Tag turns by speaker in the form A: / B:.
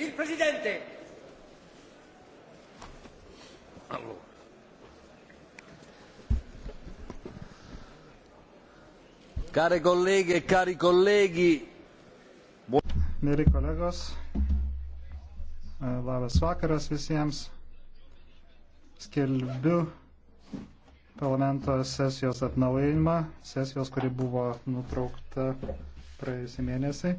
A: Il Presidente.
B: Allora. Care colleghe e cari colleghi.
C: Mėly kolegos, e, labas vakaras visiems. Skelbiu parlamento sesijos atnaujinimą, sesijos, kuri buvo nutraukta praėjusį mėnesį.